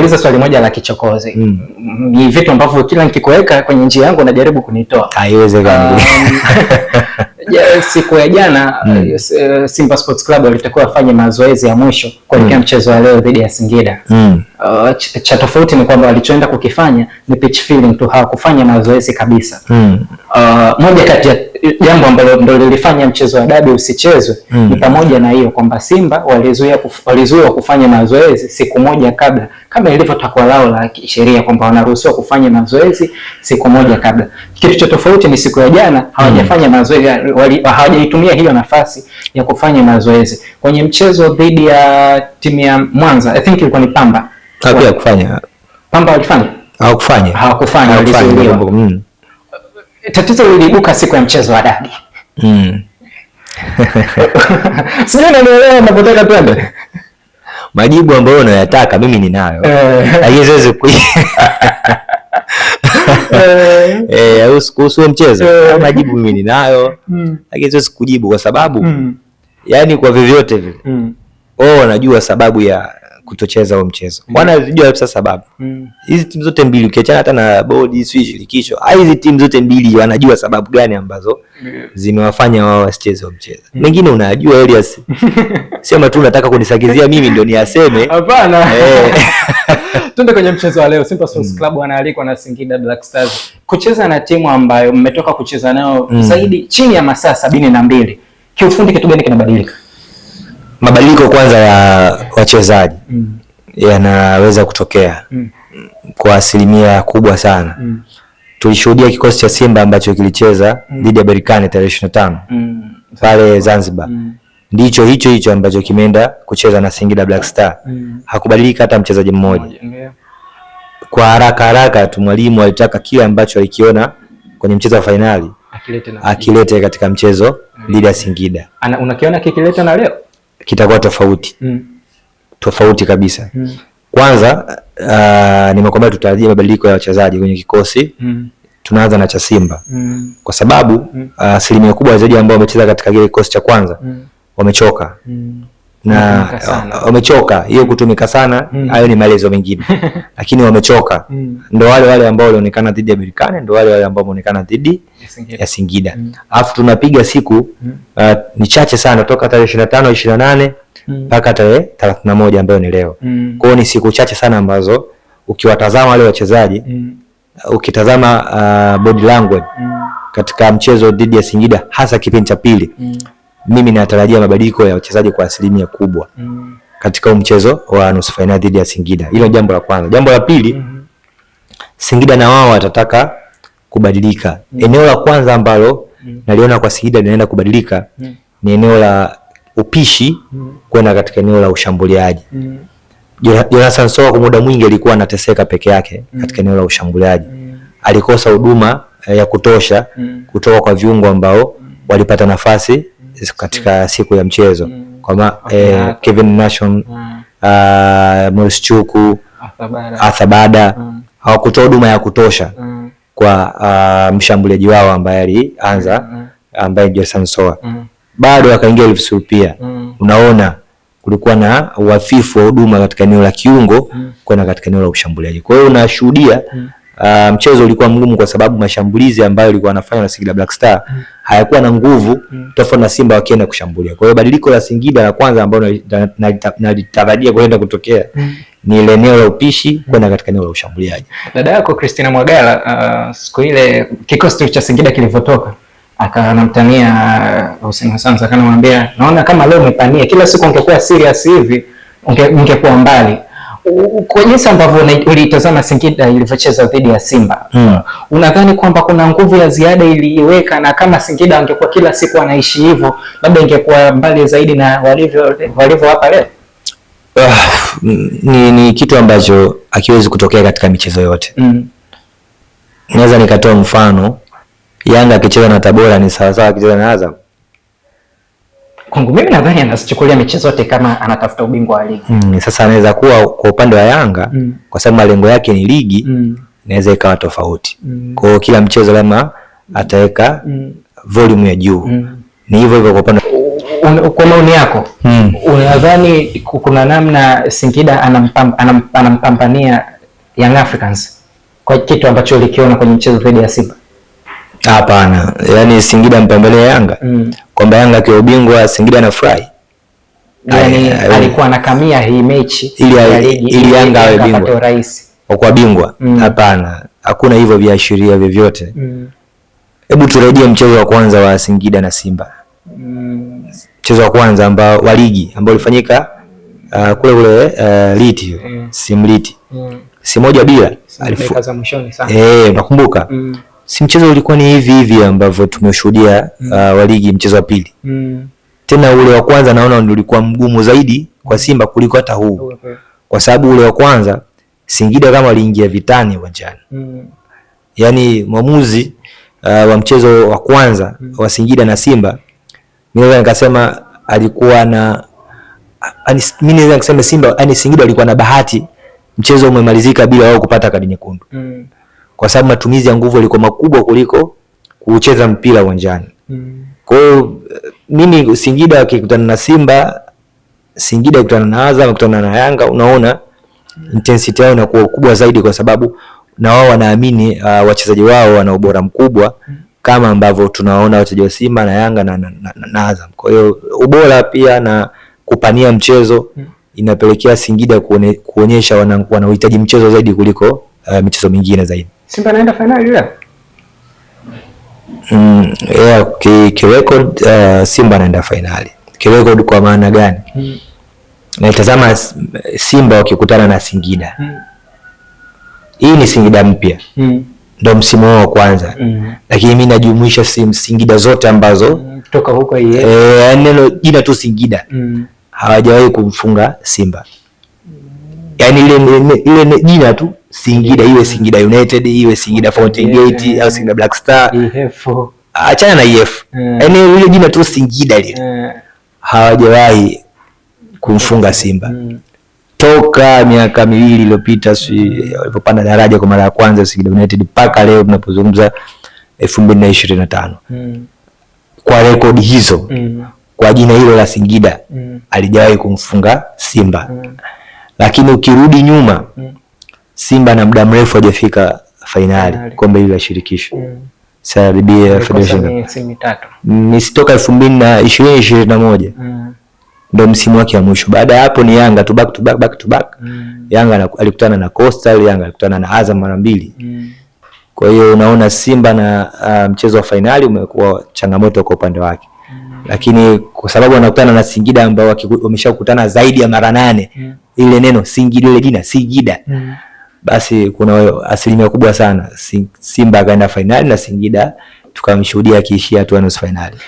nikuuliza swali moja la kichokozi mm. Ni vitu ambavyo kila nikikuweka kwenye njia yangu unajaribu kunitoa. Haiwezekani. Um, ya, siku ya jana mm. uh, Simba Sports Club walitakiwa wafanye mazoezi ya mwisho kuelekea mm. mchezo wa leo dhidi ya Singida mm. uh, ch cha tofauti ni kwamba walichoenda kukifanya ni pitch feeling tu, hawakufanya mazoezi kabisa mm. uh, moja kati ya jambo ambalo ndo lilifanya mchezo wa dabi usichezwe mm. ni pamoja na hiyo kwamba Simba walizuia kuf, walizuia kufanya mazoezi siku moja kabla, kama ilivyo takwa lao la kisheria kwamba wanaruhusiwa kufanya mazoezi siku moja kabla. Kitu cha tofauti ni siku ya jana hawajafanya hmm. mazoezi hawajaitumia hiyo nafasi ya kufanya mazoezi. Kwenye mchezo dhidi ya timu ya Mwanza, I think ilikuwa ni Pamba, hapia kufanya Pamba walifanya hawakufanya hawakufanya, walizuiliwa. Mm. Tatizo liliibuka siku ya mchezo wa dabi. Mm. Sijui nanielewa napotaka twende majibu ambayo unayataka mimi ninayo, lakini eh. siwezi kuhusu mchezo eh. majibu mimi ninayo, hmm. lakini siwezi kujibu kwa sababu hmm. yani kwa vyovyote vile wao hmm. oh, wanajua sababu ya kutocheza huo mchezo. mm. Wanazijua sasa sababu. Mm. Hizi mm. timu zote mbili ukiachana hata na bodi, sio shirikisho, ah, hizi timu zote mbili wanajua sababu gani ambazo mm. zimewafanya wao wasicheze huo mchezo. Mm. Mengine unajua Elias. Sema tu unataka kunisagizia mimi ndio niyaseme. Hapana. eh. tunde kwenye mchezo wa leo. Simba Sports mm. Club wanaalikwa na Singida Black Stars kucheza na timu ambayo mmetoka kucheza nayo mm. zaidi chini ya masaa sabini na mbili. Kiufundi kitu gani kinabadilika? mabadiliko kwanza ya wachezaji mm. yanaweza kutokea mm. kwa asilimia kubwa sana mm. tulishuhudia kikosi cha Simba ambacho kilicheza mm. dhidi mm. ya Berkane tarehe ishirini na tano mm. pale Zanzibar mm. ndicho hicho hicho ambacho kimeenda kucheza na Singida Black Star mm. hakubadilika hata mchezaji mmoja yeah. Kwa haraka haraka tu mwalimu alitaka kile ambacho alikiona kwenye mchezo wa fainali akilete, akilete katika mchezo mm. dhidi mm. ya Singida. Ana, unakiona kikileta na leo kitakuwa tofauti mm. tofauti kabisa mm. Kwanza uh, nimekwambia tutarajia mabadiliko ya wachezaji kwenye kikosi mm. Tunaanza na cha Simba mm. kwa sababu mm. Ah, asilimia mm. uh, kubwa zaidi ambao wamecheza katika kile kikosi cha kwanza mm. wamechoka mm na wamechoka. Hiyo kutumika sana hmm. hayo mm. ni maelezo mengine lakini wamechoka mm. ndo wale wale ambao walionekana dhidi ya Berkane, ndo wale wale ambao wameonekana dhidi ya Singida hmm. alafu mm. tunapiga siku mm. uh, ni chache sana toka tarehe ishirini na tano ishirini na nane hmm. mpaka tarehe thelathini na moja ambayo ni leo mm. kwao ni siku chache sana ambazo ukiwatazama wale wachezaji mm. ukitazama uh, body language mm. katika mchezo dhidi ya Singida hasa kipindi cha pili mm mimi natarajia mabadiliko ya wachezaji kwa asilimia kubwa mm. katika mchezo wa nusu fainali dhidi ya Singida. Hilo jambo la kwanza. Jambo la pili mm -hmm. Singida na wao watataka kubadilika mm. eneo la kwanza ambalo mm. naliona kwa Singida linaenda kubadilika mm. ni eneo la upishi mm. kwenda katika eneo la ushambuliaji mm. Jonathan Soa kwa muda mwingi alikuwa anateseka peke yake mm. katika eneo la ushambuliaji mm. alikosa huduma eh, ya kutosha mm. kutoka kwa viungo ambao mm. walipata nafasi katika mm. siku ya mchezo mm. Kwa eh, Kevin Nation mm. uh, ah, Morris Chuku Athabada mm. hawakutoa huduma ya kutosha mm. kwa uh, mshambuliaji wao ambaye alianza mm. ambaye Jason Soa mm. bado akaingia Liverpool pia mm. unaona kulikuwa na uhafifu wa huduma katika eneo la kiungo mm. kwenda katika eneo la ushambuliaji. Kwa hiyo unashuhudia mm. Uh, mchezo ulikuwa mgumu kwa sababu mashambulizi ambayo alikuwa anafanya na Singida Black Star mm. hayakuwa na nguvu mm. tofauti na Simba wakienda kushambulia. Kwa hiyo badiliko la Singida la kwanza ambalo nalitarajia kwenda kutokea mm. ni ile eneo la upishi kwenda katika eneo la ushambuliaji. Dada yako Christina Mwagala, uh, siku ile kikosi cha Singida kilivyotoka akanamtania ah, Hussein Hassan akanamwambia, naona kama leo umepania, kila siku ungekuwa serious hivi ungekuwa mbali kwa jinsi ambavyo uliitazama Singida ilivyocheza dhidi ya Simba hmm. unadhani kwamba kuna nguvu ya ziada iliiweka, na kama Singida angekuwa kila siku anaishi hivyo, labda ingekuwa mbali zaidi na walivyo walivyo hapa leo? Uh, ni, ni kitu ambacho hakiwezi kutokea katika michezo yote hmm. Naweza nikatoa mfano Yanga akicheza na Tabora ni sawasawa akicheza na Azam kwangu mimi nadhani anazichukulia mechi zote kama anatafuta ubingwa wa ligi. Mm, sasa anaweza kuwa kwa upande wa Yanga mm. kwa sababu malengo yake ni ligi mm. inaweza ikawa tofauti mm. kwa hiyo kila mchezo lama ataweka mm. volume ya juu mm. ni hivyo hivyo kwa upande kwa maoni yako mm. unadhani kuna namna Singida anampam, anampambania Young Africans kwa kitu ambacho ulikiona kwenye mchezo dhidi ya Simba? Hapana, yani Singida mpembelee Yanga mm. kwamba Yanga akiwa ubingwa Singida anafurahi yani, alikuwa anakamia hii mechi ili, ili, ili, ili Yanga awe bingwa kwa bingwa mm. hapana mm. hakuna hivyo viashiria vyovyote mm. hebu mm. turejee mchezo wa kwanza wa Singida na Simba mm. mchezo mm. wa kwanza ambao wa ligi ambao ulifanyika uh, kule kule uh, Liti mm. Simliti mm. si moja bila alifu... eh, nakumbuka mm si mchezo ulikuwa ni hivi hivi ambavyo tumeshuhudia mm. uh, wa ligi mchezo wa pili mm. tena ule wa kwanza naona ulikuwa mgumu zaidi kwa mm. Simba kuliko hata huu okay. kwa sababu ule wa kwanza Singida kama waliingia vitani uwanjani mm. yaani mwamuzi uh, wa mchezo wa kwanza mm. wa Singida na Simba mimi nikasema alikuwa na mimi yaani naweza nikasema Simba yani Singida alikuwa na bahati mchezo umemalizika bila wao kupata kadi nyekundu mm kwa sababu matumizi ya nguvu yalikuwa makubwa kuliko kucheza mpira uwanjani. Mm. Kwa hiyo eh, mimi Singida akikutana na Simba, Singida akikutana na Azam, akikutana na Yanga, unaona mm. intensity yao inakuwa kubwa zaidi kwa sababu na wao wanaamini uh, wachezaji wao wana ubora mkubwa mm. kama ambavyo tunaona wachezaji wa Simba na Yanga na, na, na, na Azam. Kwa hiyo ubora pia na kupania mchezo mm. inapelekea Singida kuone, kuonyesha wana, mchezo zaidi kuliko uh, michezo mingine zaidi. Simba anaenda fainali leo. Mm, yeah, ki, ki record uh, Simba anaenda fainali ki record kwa maana gani? Mm. Naitazama Simba wakikutana na Singida. Mm. Hii ni Singida mpya. Mm. Ndio msimu wao wa kwanza. Mm. Lakini mimi najumuisha Singida zote ambazo mm, toka huko yeye. Eh, neno jina tu Singida. Mm. Hawajawahi kumfunga Simba. Yaani ile ile jina tu Singida iwe Singida United iwe Singida Fountain Gate yeah, au Singida Black Star, e achana na EF, e. yaani yeah. Ile jina tu Singida lile yeah. Hawajawahi kumfunga e. Simba mm. Toka miaka miwili iliyopita si walipopanda daraja kwa mara ya kwanza Singida United mpaka leo tunapozungumza elfu mbili na ishirini na tano mm. Kwa rekodi hizo mm. Kwa jina hilo la Singida mm. Alijawahi kumfunga Simba mm. Lakini ukirudi nyuma mm Simba na muda mrefu hajafika fainali kombe hili la shirikisho mm. Sasa Federation ni toka elfu mbili na ishirini ishirini na moja mm. Ndio msimu wake wa mwisho. Baada ya hapo ni Yanga tu back to back back to back mm. Yanga na, alikutana na Coastal, Yanga alikutana na Azam mara mbili mm. Kwa hiyo unaona Simba na uh, mchezo wa fainali umekuwa changamoto kwa upande wake mm. Lakini kwa sababu wanakutana na Singida ambao wameshakutana zaidi ya mara nane mm. Ile neno Singida ile jina Singida mm basi kuna asilimia kubwa sana Simba akaenda fainali na Singida tukamshuhudia akiishia tu nusu fainali.